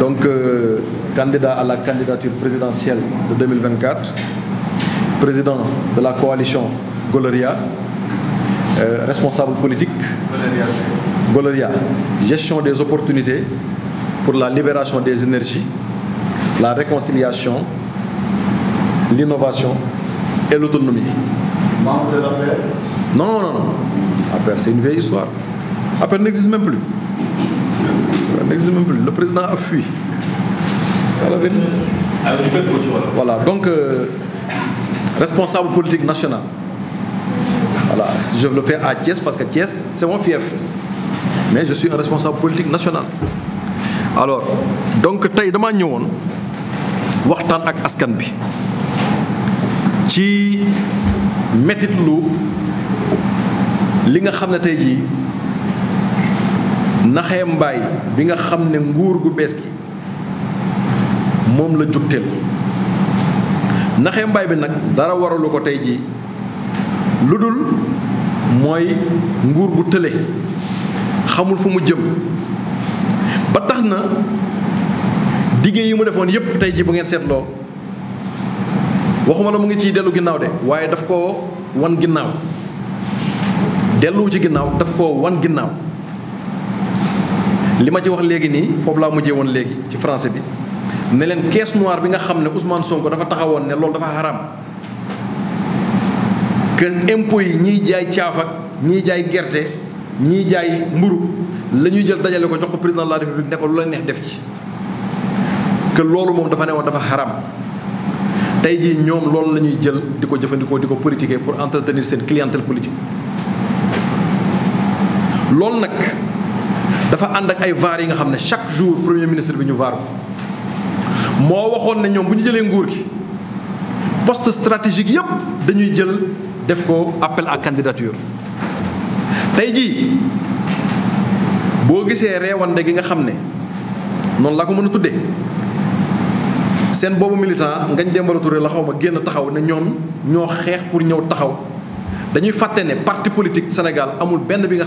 donc euh, candidat à la candidature présidentielle de 2024, président de la coalition Goleria, euh, responsable politique, Goloria, gestion des opportunités pour la libération des énergies, la réconciliation, l'innovation et l'autonomie. Membre de la Non, non, non. La c'est une vieille histoire. La paix n'existe même plus. Le président a fui. Ça la Voilà, donc, euh, responsable politique national. Voilà, je le fais à Thiès parce que Thiès, c'est mon fief. Mais je suis un responsable politique national. Alors, donc, tey dama ñëwoon waxtaan ak askan bi ci mettitlu li nga naxee mbaay bi nga xam ne nguur gu bees gi moom la jugteel naxee mbaay bi nag dara waralu ko tey jii lu dul mooy nguur gu tële xamul fu mu jëm ba tax na diggé yi mu defoon yépp tey ji bu ngeen seetloo waxuma la mu ngi ciy dellu ginnaaw de waaye daf koo wan ginnaaw delluwu ci ginnaaw daf koo wan ginnaaw li ma ci wax léegi nii foofu laa mujjee woon léegi ci français bi ne leen caisse noire bi nga xam ne Ousmane Sonko dafa taxawoon ne lool dafa haram que impôts yi ñiy jaay caaf ñiy jaay gerte ñiy jaay mburu la ñuy jël dajale ko jox ko président de la république ne lu la neex def ci que loolu moom dafa ne woon dafa haram tey jii ñoom loolu la ñuy jël di ko jëfandikoo di ko politiquer pour entretenir seen clientèle politique loolu nag Il faut ak ay chaque jour premier ministre bi ñu nguur poste stratégique yépp dañuy jël def ko appel à candidature gi nga ne la ko mëna tuddé sen bobu militant dembalatu la taxaw pour parti politique Sénégal amul bi nga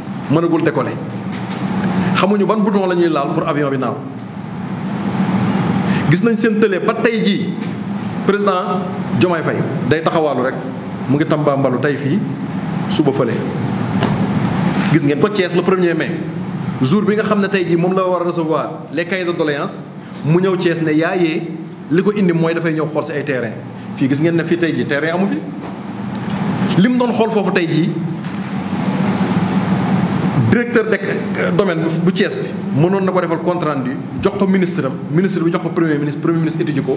mënagul décoller xamuñu ban bouton la ñuy laal pour avion bi naaw gis nañ seen télé ba tey jii président Diomaye fay day taxawaalu rek mu ngi tambaambalu tey fii suba fële. gis ngeen ko Thiès le premier mai jour bi nga xam ne tey jii moom la war a recevoir les cahiers de doléance mu ñëw Thiès ne yaayee li ko indi mooy dafay ñëw xool si ay terrain fii gis ngeen ne fii tey jii terrain amu fi lim doon xool foofu tey jii. directeur de domaine bu cees bi mënoon na ko defal compte rendu jox ko ministre am ministre bi jox ko premier ministre premier ministre étudier ko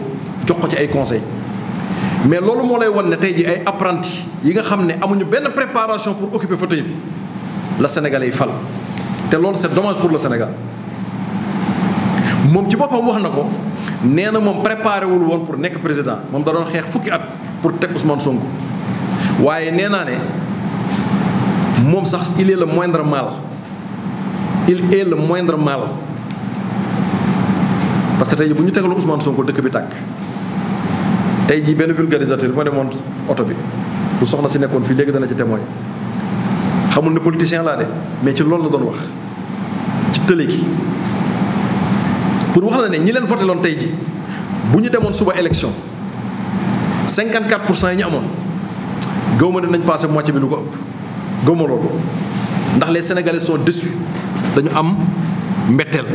jox ko ci ay conseil mais loolu moo lay wan ne tey ji ay apprenti yi nga xam ne amuñu benn préparation pour occuper fauteuil bi la Sénégalais fal te loolu c'est dommage pour le Sénégal moom ci boppam wax na ko nee na moom préparé wul woon pour nekk président moom da doon xeex fukki at pour teg Ousmane Sonko waaye nee naa ne moom sax il est le moindre mal il est le moindre mal parce que tey bu ñu tegaloo Ousmane Sonko dëkk bi tàkk tey jii benn vulgarisateur bi ma demoon oto bi bu soxna si nekkoon fii léegi dana ci témoin xamul ne politicien laa de mais ci loolu la doon wax ci tële gi pour wax la ne ñi leen voté tey ji bu ñu demoon suba élection 54 pour cent yi ñu amoon gëw ma ne nañ passé moitié bi lu ko ëpp gëw ma loolu ndax les sénégalais sont déçus. dañu am mbetteel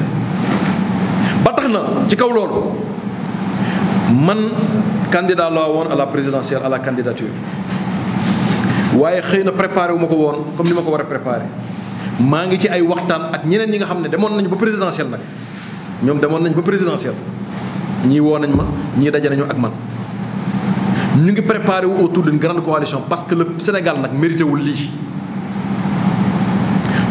ba tax na ci kaw loolu man candidat laa woon à la présidentielle à la candidature waaye xëy na préparé wu ma ko woon comme li ma ko war a préparé maa ngi ci ay waxtaan ak ñeneen ñi nga xam ne demoon nañu ba présidentielle nag ñoom demoon nañu ba présidentielle ñii woo nañ ma ñii daje nañu ak man ñu ngi préparé wu autour d'une grande coalition parce que le Sénégal nag mérité wul lii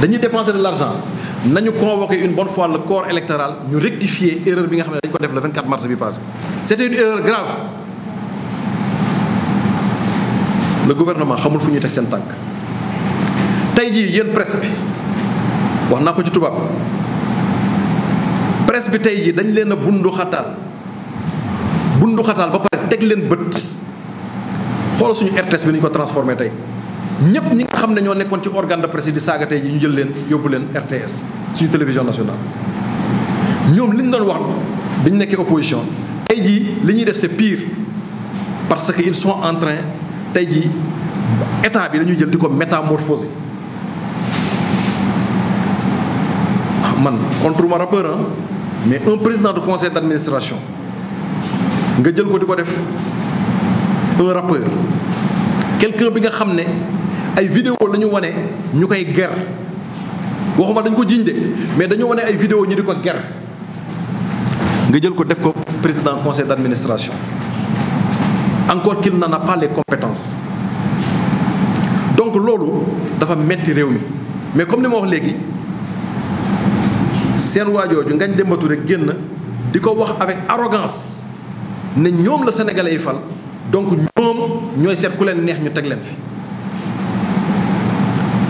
dañuy dépenser de l'argent nañu convoquer une bonne fois le corps électoral ñu rectifier erreur bi nga xam ne dañ ko def le 24 mars bi passé c'était une erreur grave le gouvernement xamul fu ñuy teg seen tànk tey jii yéen presse bi wax naa ko ci tubaab presse bi tey jii dañ leen a bundu xataal bundu xataal ba pare teg leen bët xoolal suñu RTS bi ñu ko transformé tey ñëpp ñi nga xam ne ñoo nekkoon ci organe de presse di saaga tey ji ñu jël leen yóbbu leen RTS suñu télévision nationale. ñoom li ñu doon wax bi ñu nekkee opposition tey jii li ñuy def c'est pire parce que il sont en train tey jii état bi dañuy jël di ko métamorphoser. Ah, man contre ma rappeur mais un président de conseil d'administration nga jël ko di ko def un rappeur. quelqu'un bi nga xam ne ay vidéo lañu wone ñukay ñu waxuma dañ ko jinde, mais dañu wone ay vidéo ñi diko ko nga jël ko def ko président conseil d'administration encore qu'il n'en a pas les compétences donc lolu dafa metti réew mi mais comme ni ma wax léegi seen waajooju ngañ dembatu rek genn diko wax avec arrogance ne ñom la sénégalais yi fal donc ñom ñoy seet ku len neex ñu teg len fi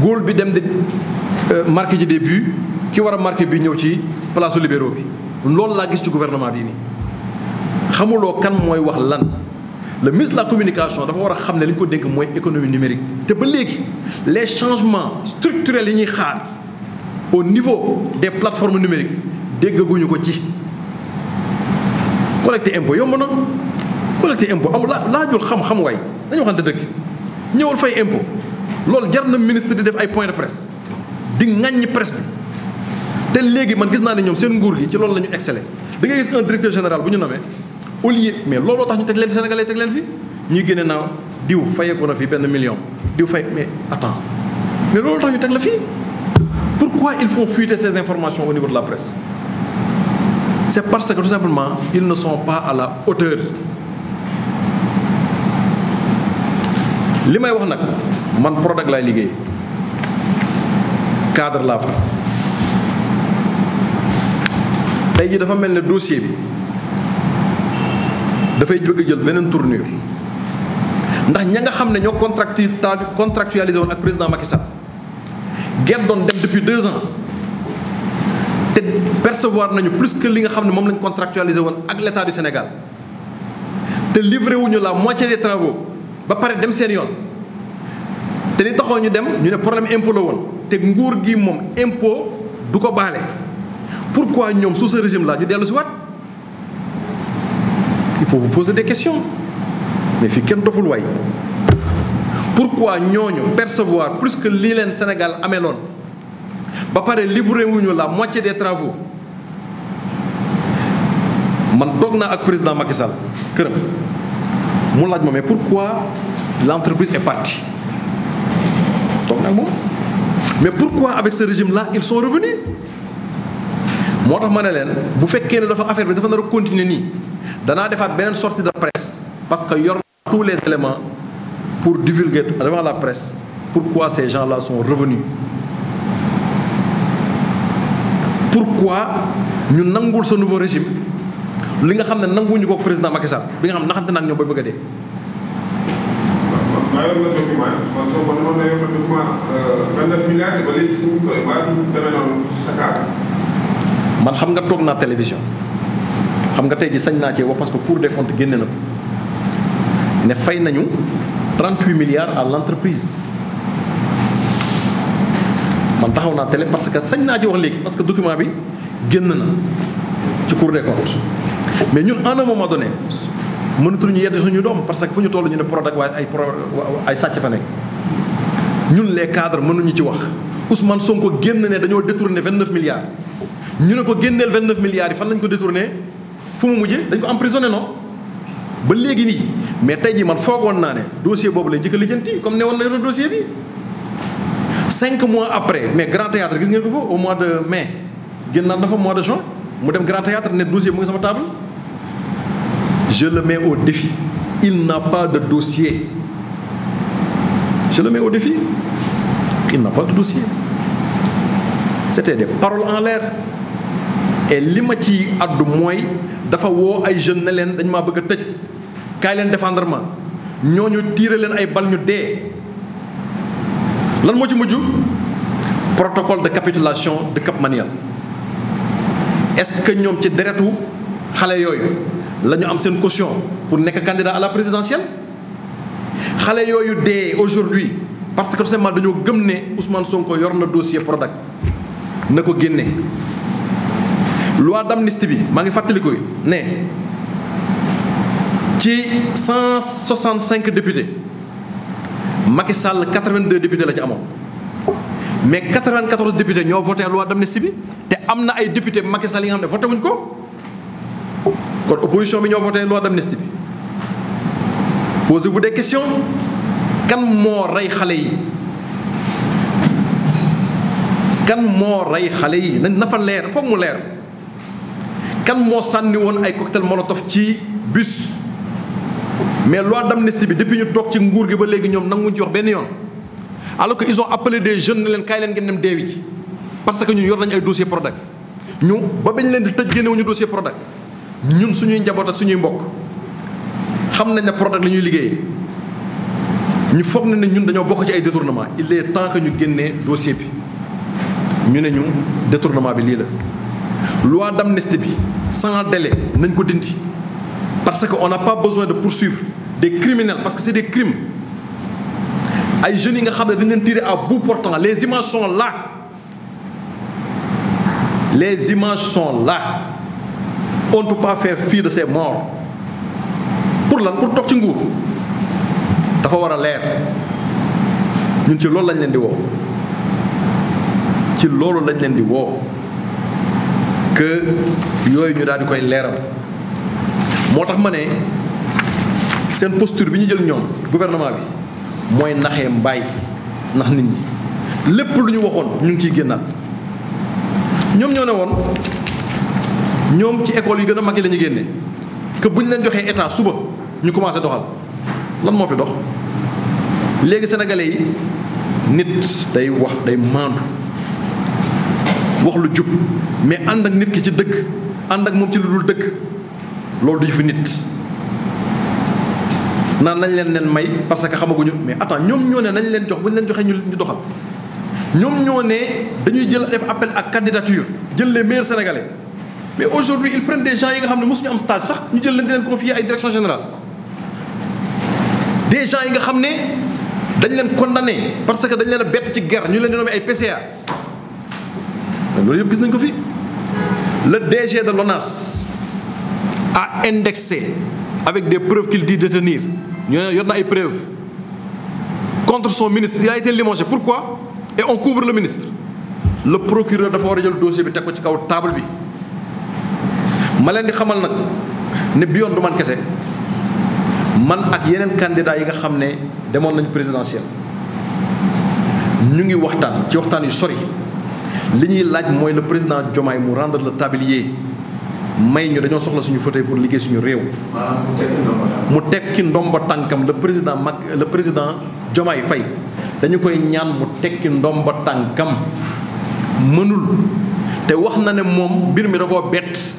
Gol bi dem de euh, marqué ji des buts ki war a marqué bi ñëw ci place libéraux bi loolu laa gis ci gouvernement bi nii xamuloo kan mooy wax lan le ministre de la communication dafa war a xam ne li ñu ko mooy économie numérique te ba léegi les changements structurels yi ñuy xaar au niveau des plateformes numériques déggaguñu ko ci collecter impôt yomb na collecter impôt amul laajul xam-xam waay dañu waxante dëgg ñëwal fay impôt loolu jar na ministre di def ay point de presse di ngagne presse bi te léegi man gis na ne ñom seen nguur gi ci loolu lañu excellé da ngay gis un directeur général bu ñu nommé au lieu mais looloo tax ñu tek leen Sénégalais tek leen fi ñuy gëné naaw diw fayeeku na fi benn million diw fay mais attends mais looloo tax ñu tek la fi pourquoi ils font fuiter ces informations au niveau de la presse c'est parce que tout simplement ils ne sont pas à la hauteur li may wax nak man product la liggéey cadre laa fa tey ji dafa mel ne dossier bi dafay bëgg jël beneen tournure ndax ña nga xam ne ñoo contractu contractualisé woon ak président Macky Sall gerte doon dem depuis deux ans te percevoir nañu plus que li nga xam ne moom lañ contractualisé woon ak l'État du Sénégal te livré wuñu la moitié des travaux ba pare dem seen yoon. C'est li taxoo ñu dem ñu né problème impôt la woon nguur gi mom impôt du ko balé pourquoi ñom sous ce régime là ñu ci il faut vous poser des questions mais fi kenn doful waay pourquoi ñoñu percevoir plus que li leen Sénégal non ba paré livré wuñu la moitié des travaux man suis na ak président Macky Sall mu laaj ma mais pourquoi l'entreprise est partie mais pourquoi avec ce régime là ils sont revenus Moi je ma ne si bu fekkee ne dafa affaire bi dafa nar continuer nii faire une sortie de presse parce qu'il y yor tous les éléments pour divulguer devant la presse pourquoi ces gens-là sont revenus pourquoi ñu nangul ce nouveau régime li nga xam ne nanguñu président Macky Sall bi nga xam ne président na ak Euh, man xam nga toog naa télévision xam nga tey ji sañ naa cee wax parce que Cour des comptes génne na ko ne fay nañu 38 milliards à l'entreprise man taxaw naa télé parce que sañ naa ci wax léegi parce que document bi génn na ci Cour des comptes mais ñun à moment donné mënatuñu yedd suñu doom parce que fu ñu toll ñu ne Prodac waaye ay pro ay sàcc fa nekk ñun les cadres mënuñu ci wax Ousmane Sonko génn ne dañoo détourné 29 milliards ñu ne ko génneel 29 milliards yi fan lañ ko détourné fu mu mujjee dañ ko emprisonné non ba léegi nii mais tey jii man foogoon naa ne dossier boobu lay njëkk a lijjanti comme ne woon na yoon dossier bi cinq mois après mais Grand Théâtre gis ngeen ko fa au mois de mai génnaat na fa mois de juin mu dem Grand Théâtre ne dossier table Je le mets au défi. Il n'a pas de dossier. Je le mets au défi. Il n'a pas de dossier. C'était des paroles en l'air. et qui ma ci été dafawo dafa ay jeunes ne pas défendre ma ñooñu ay bal ñu dé. lan protocole de capitulation de Cap Maniel est-ce que nyom ci deretu xale nous avons am caution pour être candidat à la présidentielle xale yooyu dee aujourd'hui parce que dañoo ne Ousmane Sonko dossier product na loi d'amnistie ne ci 165 députés Macky Sall 82 députés la ci mais 94 députés ñoo voté loi d'amnistie bi te ay députés Macky Sall voté L'opposition opposition bi ñoo loi d'amnistie posez-vous des questions kan moo rey xale yi kan moo rey xale yi na mu kan ay cocktail molotov bus mais loi d'amnistie depuis ñu toog ci nguur gi ba léegi ñoom nanguñ ci alors qu'ils ont appelé des jeunes leen kaay leen parce que ñun yor des ay dossier product ñu ba bañ leen di dossier ñun suñuy njaboot ak suñuy mbokk xam nañ ne gens la ñuy liggéey ñu foog na ne ñun dañoo bokk ci ay détournement il est temps que ñu génnee dossier bi ñu ne ñu détournement bi la. loi d'amnistie bi sans délai nañ ko dindi parce que on n'a pas besoin de poursuivre des criminels parce que c'est des crimes ay jeunes yi nga xam tirer à bout portant les images sont là les images sont là. on ne peut pas faire fi de ces morts pour lan pour toog ci nguur dafa war leer ñun ci loolu lañ leen di woo ci loolu lañ leen di woo que yooyu ñu daal di koy leeral moo tax ma ne seen posture bi ñu jël ñoom gouvernement bi mooy naxee mbaay nax nit ñi lépp lu ñu waxoon ñu ngi ciy génnaat ñoom ñoo ne woon ñoom ci école yi gën a mag yi la ñu génne que bu ñu leen joxee état suba ñu commencé doxal lan moo fi dox léegi sénégalais yi nit day wax day maandu wax lu jub mais ànd ak nit ki ci dëkk ànd ak moom ci lu dul dëgg loolu du fi nit naan nañ leen leen may parce que xamaguñu mais attends ñoom ñoo ne nañ leen jox bu ñu leen joxee ñu ñu doxal ñoom ñoo ne dañuy jël def appel ak candidature jële maire meilleurs mais aujourd'hui ils prennent des gens qui ont xam ne stage sax ñu les leen à la direction générale des gens yi nga ne dañ leen condamné parce que dañ leen a guerre ñu leen di à ay PCA loolu ce gis nañ ko le DG de l'ONAS a indexé avec des preuves qu'il dit détenir il y a na des preuves contre son ministre il a été limogé pourquoi et on couvre le ministre le procureur la war a dossier bi teg ko ci table ma leen di xamal nag ne bi yoon du man kese man ak yeneen candidat yi nga xam ne demoon nañu présidentiel ñu ngi waxtaan ci waxtaan yu sori li ñuy laaj mooy le président Diomaye mu rendre le tablier may ñu dañoo soxla suñu fauteuil pour liggéey suñu réew. mu tekki ndomba tànkam le président mag le président Diomaye Faye dañu koy ñaan mu tekki ndomba tànkam mënul te wax na ne moom mbir mi da koo bett.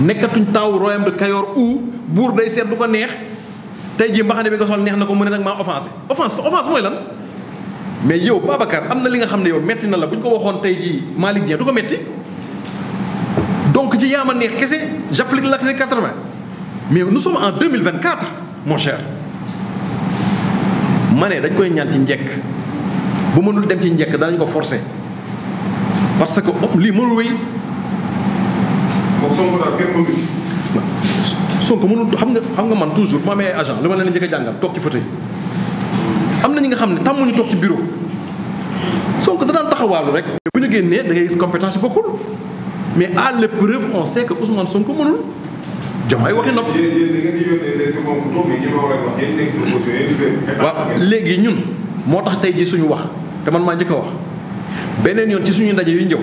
nekkatuñ temps royaume de Kayor ou buur day seet du ko neex tey jii mbaxane bi nga sol neex na ko mu ne nag maa offensé offense offense mooy lan. mais yow Babacar am na li nga xam ne yow metti na la bu ñu ko waxoon tey jii Malick Dieng du ko metti donc ci yaama neex kese la j'applique l'article 80 mais nu soma en 2024 mon cher. ma ne dañ koy ñaan ci njekk bu mënul dem ci njekk danañ ko forcer parce que lii mënul wéy. moom Sonko mënul xam nga xam nga man toujours bu amee agent li ma leen njëkk a jàngal toog ci fauteuil am na ñi nga xam ne tàmmuñu toog ci bureau Sonko da daan taxawaalu rek. bu ñu génnee da ngay gis compétence bokkul mais à l'épreuve on sait que Ousmane Sonko mënul. Diomaye waxi nopp waaw léegi ñun moo tax tey jii suñu wax te man maa njëkk a wax beneen yoon ci suñu ndaje yu jëw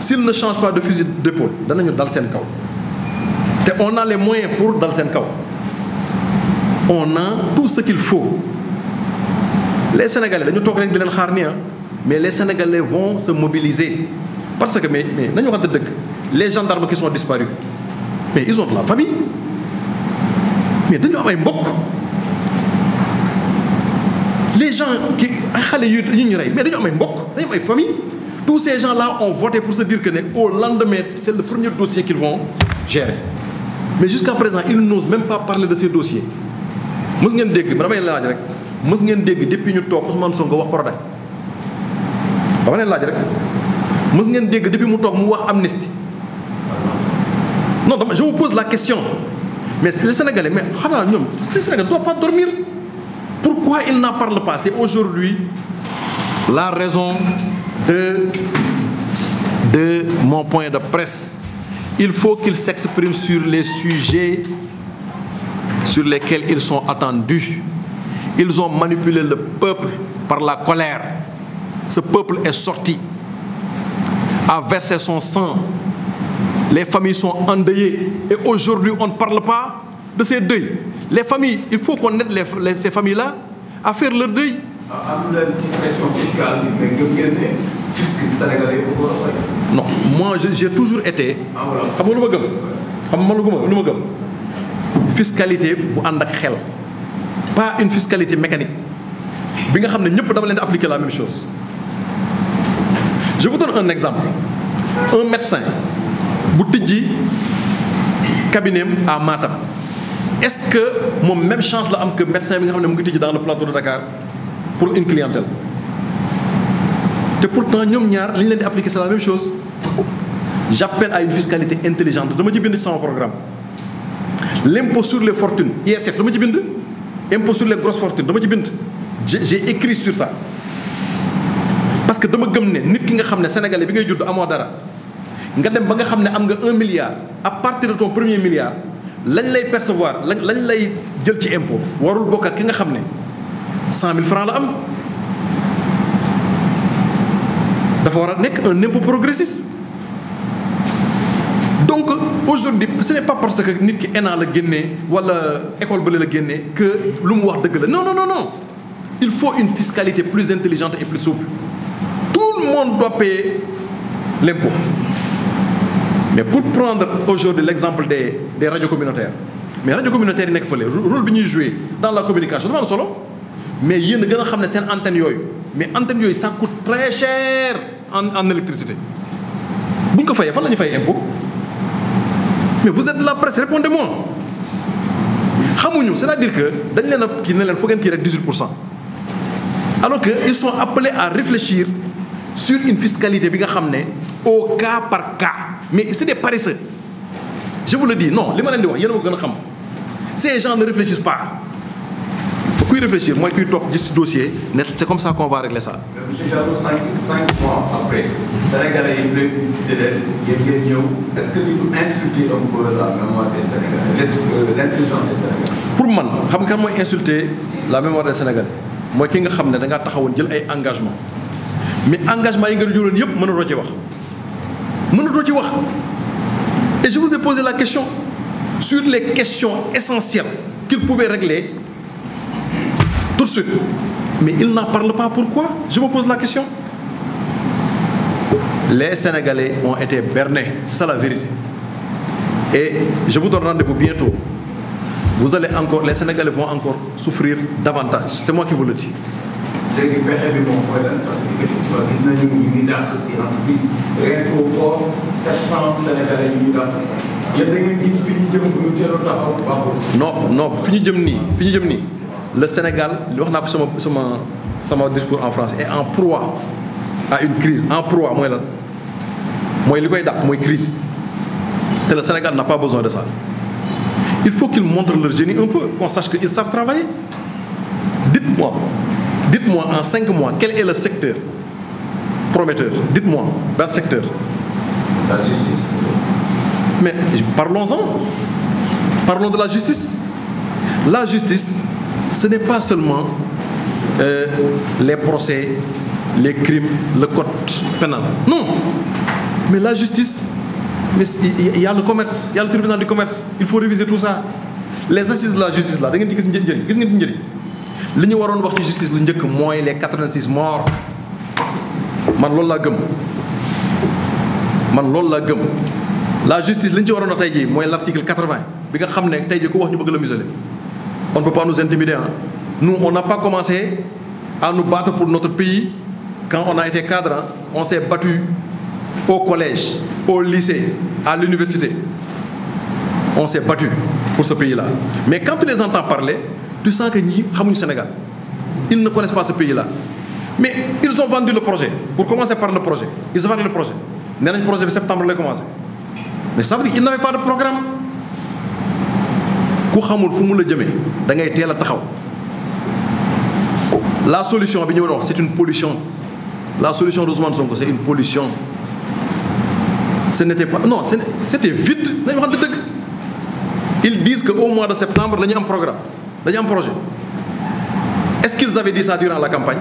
S'ils ne changent pas de fusil d'épaule nous dans dans le Et on a les moyens pour dans le cas. on a tout ce qu'il faut les sénégalais nous ne rek di de faire. Ah. mais les sénégalais vont se mobiliser parce que mais mais les gendarmes qui sont disparus mais ils ont de la famille mais ils ont une les gens qui ont une mais nous ont beaucoup, nous avons famille tous ces gens-là ont voté pour se dire que au lendemain, c'est le premier dossier qu'ils vont gérer. Mais jusqu'à présent, ils n'osent même pas parler de ces dossiers. Vous ladj entendu, vous avez entendu, depuis ñu nous Ousmane Sonko wax Prodac. Vous ladj entendu, vous avez entendu, depuis mu nous mu wax amnistie. Non, je vous pose la question. Mais les Sénégalais, mais, les Sénégalais ne doivent pas dormir. Pourquoi ils n'en parlent pas C'est aujourd'hui la raison de, de mon point de presse. Il faut qu'ils s'expriment sur les sujets sur lesquels ils sont attendus. Ils ont manipulé le peuple par la colère. Ce peuple est sorti, a versé son sang. Les familles sont endeuillées. Et aujourd'hui, on ne parle pas de ces deuils. Les familles, il faut qu'on aide ces familles-là à faire leur deuil. Ah, am leen ci question fiscale mais gëm ngeen ne fisc sénégalais ko war non moi j'ai toujours été. Ah, xam nga lu ma gëm. xam nga lu ma lu ma gëm. fiscalité bu ànd ak xel. pas une fiscalité mécanique bi nga xam ne dama leen di la même chose. je vous donne un exemple un médecin bu tijji cabinet à Matam est-ce que moom même chance la am que médecin bi nga xam mu ngi dans le plateau de Dakar pour une clientèle te pourtant nous, ñaar li ñu leen la même chose j'appelle à une fiscalité intelligente Je dama ci bind ci sama programme l'impôt sur les fortunes ISF dama ci bind impôt sur les grosses fortunes Je dama ci bind j'ai écrit sur ça parce que je gëm dis nit ki nga xam ne sénégalais bi ngay judd amoo dara nga dem ba un milliard à partir de ton premier milliard lañ lay percevoir lañ lay jël ci impôt warul bokk 100 000 francs la am dafa un impôt progressiste donc aujourd'hui ce n'est pas parce que nit ki ENA la génnee wala école bële la génnee que l'on mu wax la non non non non il faut une fiscalité plus intelligente et plus souple tout le monde doit payer l'impôt mais pour prendre aujourd'hui l'exemple des des radios communautaires mais radios communautaires nekk rôle bi ñuy dans la communication mais yéen a xamné a antenne yoyu mais antenne yoyu ça coûte très cher en en électricité buñ ko fayé fan la impôt mais vous êtes la presse répondez-moi xamuñu c'est-à-dire que dañ leen a ne leen 18 alors que ils sont appelés à réfléchir sur une fiscalité bi nga au cas par cas mais c'est des paresseux je vous le dis non li ma leen di wax a ko gens xam ces gens ne réfléchissent pas kuy réfléchir qui top de ce dossier c'est comme ça qu'on va régler ça. monsieur Jadot, 5 mois après. Sénégalais il ñu leen cité leen est ce que vous insultez un peu la mémoire des Sénégalais euh, pour moi, je sais, kan insulté la mémoire des Sénégalais Moi qui nga xam ne da pris, taxawoon jël ay engagement mais engagement yi nga peux pas mënatoo ci wax peux ci wax et je vous ai posé la question sur les questions essentielles qu'il pouvait régler. Mais ils n'en parlent pas. Pourquoi Je me pose la question. Les Sénégalais ont été bernés. C'est ça la vérité. Et je vous donne rendez-vous bientôt. Vous allez encore, les Sénégalais vont encore souffrir davantage. C'est moi qui vous le dis. non non finis de jëm le Sénégal on sama discours en France. est en proie à une crise en proie moi, là. Moi, il moi, crise Et le Sénégal n'a pas besoin de ça il faut qu'ils montrent leur génie un peu qu'on sache qu'ils savent travailler dites-moi dites-moi en cinq mois quel est le secteur prometteur dites-moi dans secteur la justice mais parlons-en parlons de la justice la justice ce n'est pas seulement euh, les procès, les crimes, le code pénal. Non. Mais la justice, il y a le commerce, il y a le tribunal du commerce. Il faut réviser tout ça. Les assises de la justice, là, vous voyez ce que li ñu waroon wax ci justice lu que mooy les 86 morts man loolu la gëm man loolu la gëm la justice li ci waroon a tey jii mooy 80 bi nga xam ne tey jii wax ñu bëgg la museler on ne peut pas nous intimider. Hein. Nous, on n'a pas commencé à nous battre pour notre pays quand on a été cadre. Hein. On s'est battu au collège, au lycée, à l'université. On s'est battu pour ce pays-là. Mais quand tu les entends parler, tu sens que ni du Sénégal. Ils ne connaissent pas ce pays-là. Mais ils ont vendu le projet. Pour commencer par le projet. Ils ont vendu le projet. Le projet de septembre commencé. Mais ça veut dire qu'ils n'avaient pas de programme ku xamul fu mu la jëmee da ngay teel a taxaw la solution bi ñu c'est une pollution la solution de Ousmane Sonko c'est une pollution ce n'était pas non c'était vite. ils disent que au mois de septembre dañu am programme dañu am projet est-ce qu'ils avaient dit ça durant la campagne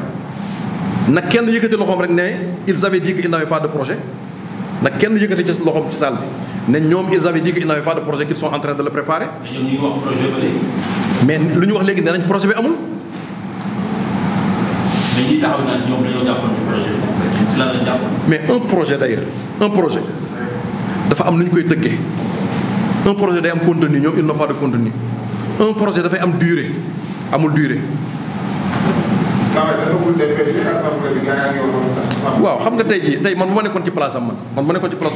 na kenn yëkkati loxoom rek ne ils avaient dit qu'ils n'avaient pas de projet na kenn yëkkati ci loxoom ci salle ils avaient dit qu'ils n'avaient pas de projet qu'ils sont en train de le préparer. mais ont ont wax projet mais projet mais un projet d'ailleurs un projet dafa am un un projet day contenu ils n'ont pas de contenu un projet dafay am durée amul durée. waaw xam nga tey que je place am man man bu place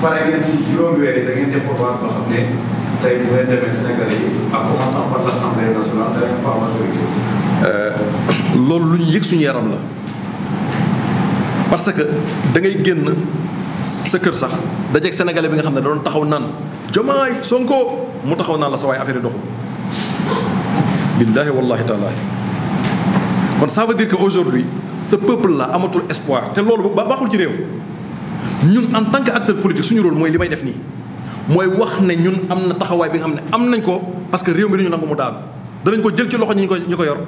pare ngeen si juróomi euh, lu ñu yëg suñu yaram la parce que dangay ngay génn sa kër sax dajeeg sénégalais bi nga xam ne da doon taxaw naan jomaay Sonko mu taxaw naan la sa waaye affaire yi doxul. billaahi wallaahi taalaahi kon ça dire que aujourd'hui ce peuple là amatul espoir te loolu ba baaxul ci réew. ñun en tant que acteur politique suñu rôle moy limay def ni moy wax ne ñun amna taxaway bi nga xam ko parce que réew mi dañu nangum daal dañ danañ ko jël ci loxo ñi ko ñu ko yor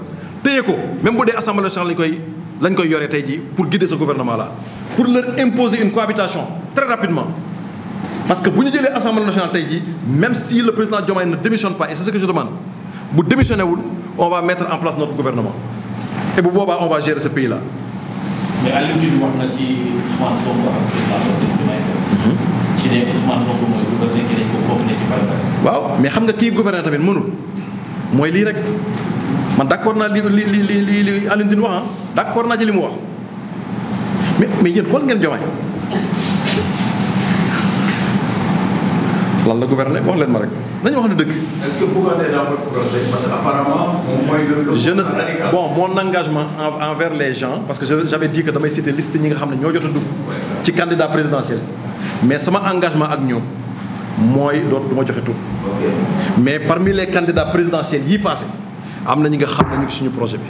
teyé ko même bu dé assemblée nationale lañ koy lañ koy yoré tay ji pour guider ce gouvernement là pour leur imposer une cohabitation très rapidement parce que bu ñu assemblée nationale tay ji même si le président Diomaye ne démissionne pas et c'est ce que je demande bu démissionné wul on va mettre en place notre gouvernement et bu boba on va gérer ce pays là mais Aliou Diouf na ci Ousmane Sonko waaw mais xam nga kii gouverneur tamit mënul mooy lii rek man d' accord naa li li li li li wax ah d' naa ci wax mais mais yéen xool ngeen Diomaye lan la gouverner wax leen ma rek nañu wax ne dëgg. est-ce que vous êtes dans votre projet parce que apparemment moom mooy le je ne bon mon engagement envers les gens parce que j'avais dit que damay citer liste ñi nga xam ne ñoo jot a dugg. ci candidat présidentiel. mais sama engagement ak ñoom mooy doot du ma joxe tur. mais parmi les candidats présidentiels yi passé am na ñi nga xam ne ñu ngi suñu projet bi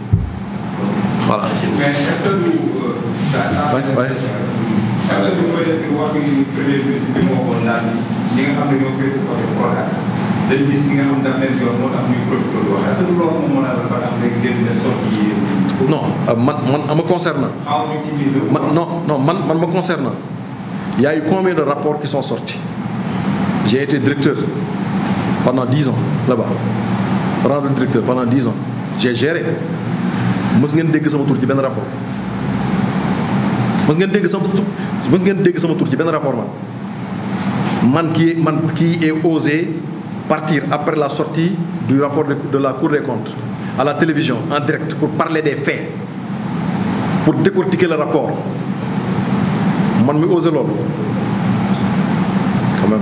voilà. mais est-ce que nous. Euh, est-ce que nous ñi nga xam ne ñoo féete côté Prodac dañ gis ñi nga xam daf leen jor moo tax ñuy profité di wax est-ce que loolu moom moo daal ba tax léegi génn na sotti yi non euh, man man ma concerne man non non man man ma concerne il y a eu combien de rapports qui sont sortis j'ai été directeur pendant 10 ans là-bas rendre directeur pendant 10 ans j'ai géré mës ngeen dégg sama tour ci benn rapport mës ngeen dégg sama tur mës ngeen dégg sama tour ci benn rapport man man qui, man qui est osé partir après la sortie du rapport de, la Cour des comptes à la télévision en direct pour parler des faits, pour décortiquer le rapport. man mi osé l'homme, quand même.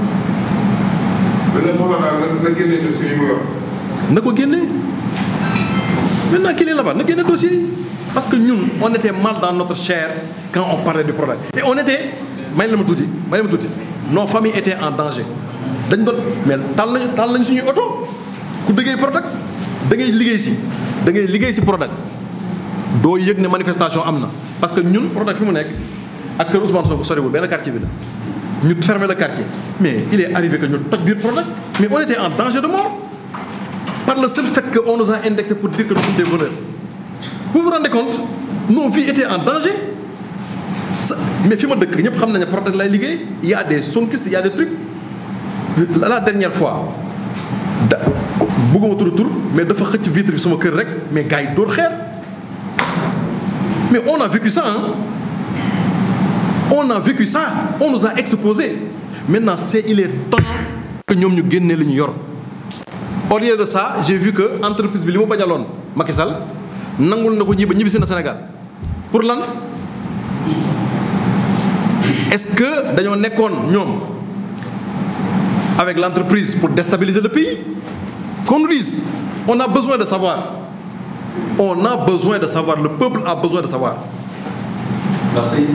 maintenant qu'il est là-bas dossier parce que nous, on était mal dans notre chair quand on parlait du problème et on était mais le ma dit nos familles étaient en danger dañ mais tal nañ taal nañ nous ku liggéey Nous da ngay liggéey si da ngay liggéey si Prodac doo yëg manifestation amna parce que ñun Prodac fi mu nekk ak kër Ousmane Sonko soriwul quartier bi la ñu le quartier mais il est arrivé que ñu toj biir produit, mais on était en danger de mort par le seul fait qu'on nous a indexé pour dire que nous sommes des voleurs vous vous rendez compte nos vies étaient en danger mais fi de dëkk que xam nañu ne il il y a des sonkistes il y a des trucs la dernière fois ne bëgguma pas tour, mais dafa xëcc vitre bi sama kër rek mais gars yi dóor mais on a vécu ça hein. on a vécu ça on nous a exposé maintenant c'est il est temps que nous ñu gagnions New-York. au lieu de ça j'ai vu que entreprise bi li mu Makissal, nangul na ko ñi Sénégal pour lan est-ce que d'ailleurs nekkoon avec l'entreprise pour déstabiliser le pays qu'on nous dise on a besoin de savoir on a besoin de savoir le peuple a besoin de savoir merci